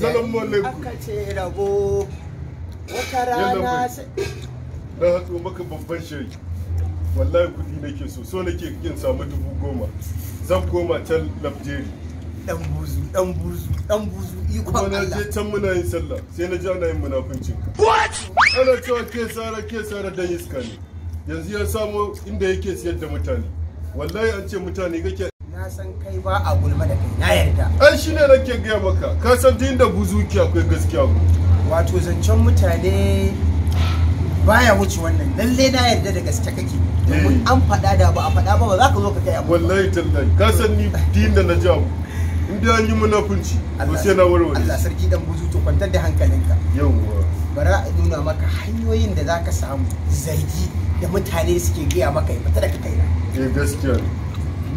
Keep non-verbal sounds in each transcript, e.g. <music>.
salamu alaikum aka ce rabo wata rana sai na hatsu maka babban shiri wallahi kudi nake so so nake yin samu dubu goma zan koma can labjeri dan buzu dan buzu dan buzu ikon Allah kuma na je can muna yin sallah sai na ji ana yin munafincin what ana cewa ke sara ke sara dan iska ne yanzu ya samu inda yake siyar da mutane wallahi an ce mutane kake na san kai ba a gulma da kai na yarda ai shine nake gaya maka ka san din da buzuki akwai gaskiya mu wato zancen mutane baya wuce wannan lalle na yarda da gaske kake domin eh. an faɗa da ba a faɗa ba ba za ka zo ka kai abu wallahi tallahi ka san ni din da na ji abu in dai an yi munafunci ba sai na warware Allah sarki dan buzu kwantar da hankalinka yawwa bara a nuna maka hanyoyin da za ka samu zargi da mutane suke gaya maka ya fita daga kaina eh gaskiya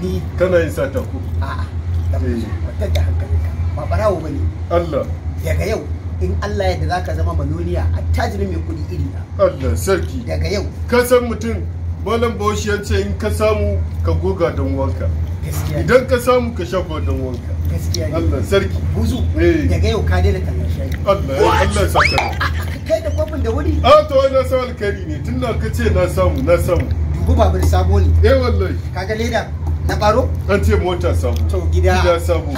ni kana yin sata ko a'a kwatar da hankalinka ba barawo bane Allah daga yau in Allah ya da zaka zama manoniya attajirin mai kudi iri na Allah sarki daga yau ka san mutum malam Bauchi ya ce in ka samu ka goga don wanka idan ka samu ka shafa don wanka gaskiya ne Allah sarki buzu eh. daga yau ka daina tallar shayi Allah eh, Allah saka kai da kofin da wuri a ah, to na sa alkari ne tunda ka ce na samu na samu dubu babur sabo ne eh wallahi kaga leda na baro an ce mota sabu to gida gida sabu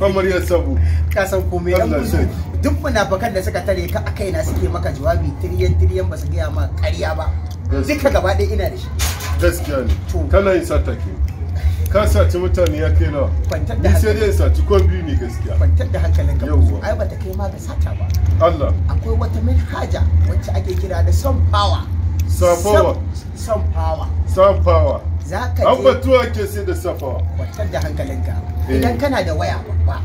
amaryar sabu <laughs> ka san komai dan musu duk munafakan da suka tare ka akai na suke maka jawabi tiriyan tiriyan ba su gaya ma ƙarya ba duka gaba ɗaya ina da shi gaskiya ne kana yin sata ke ka saci mutane ya kai nawa kwantar da hankali ni sai saci kwan biyu ne gaskiya kwantar da hankalin ka yawwa ai bata kai ma ga sata ba Allah akwai wata haja wacce ake kira da son power son power son power son power za ka je batuwa ke sai da safa kwatar da hankalinka eh. idan kana da waya babba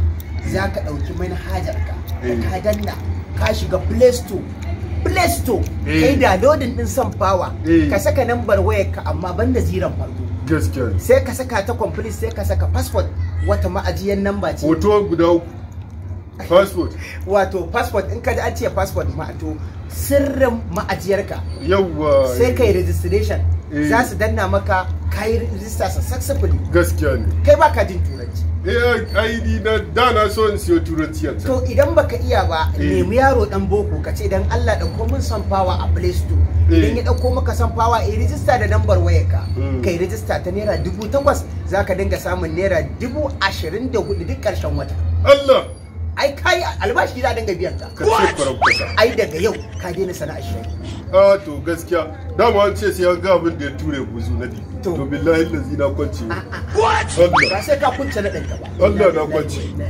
za ka ɗauki manhajarka eh. ka danna ka shiga play store play store eh. kai da lodin din son fawa ka saka nambar ka amma banda ziran farko gaskiya sai ka saka ta complete sai ka saka passport wata ma'ajiyar namba ce hoto guda uku passport <laughs> wato passport in ka ji an ce passport ma to sirrin ma'ajiyarka yawwa sai kai registration za su danna maka ka yi rijista successfully gaskiya ne kai baka jin turanci eh ai ni na da na so in siyo turanci to idan baka iya ba eh. nemi yaro dan boko ka ce dan Allah da komin san fawa a play store eh. idan ya dauko maka san fawa a rijista da lambar wayarka hmm. kai rijista ta naira dubu takwas zaka dinga samun naira dubu ashirin da hudu duk karshen wata Allah ai kai albashi za dinga biyan ka ai daga yau ka daina sana'a shi ah to gaskiya da an ce sai an ga abin da ya ture buzu na di to billahi lazi na kwance ba sai ka kunce na ɗanka ba Allah na kwance ma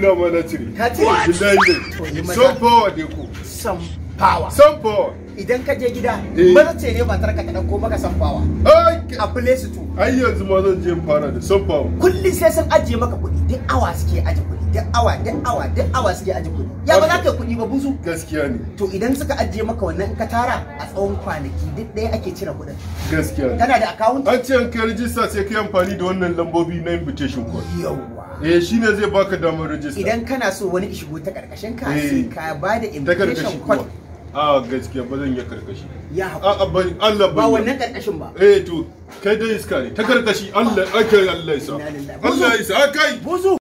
na ma ka cire billahi so power dai some power sampo idan ka je gida eh. maza ce ne matar ka ta dauko maka samfawa a play su to ai yanzu ma zan je fara da samfawa kulli sai sun ajiye maka kuɗi duk awa suke aje kuɗi duk awa duk awa duk awa suke aje kuɗi ya ba za ka kuɗi ba buzu gaskiya ne to idan suka ajiye maka wannan ka tara a tsawon kwanaki duk ɗaya ake cire kuɗin gaskiya ne kana da account an ce an kai register sai kai amfani da wannan lambobi na invitation call. yawwa eh shine zai baka damar register idan kana so wani shigo ta karkashin ka eh. sai ka bada invitation call. a gaskiya ba zan iya karkashi ya haƙuri Allah ba wannan karkashin ba eh to kai dai iska ne ta karkashi Allah ake Allah isa Allah isa kai